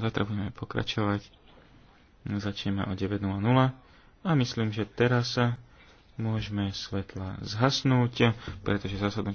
Zatra budeme pokračovať. No, začneme o 9.00 a myslím, že teraz môžeme svetla zhasnúť, pretože zasadnutie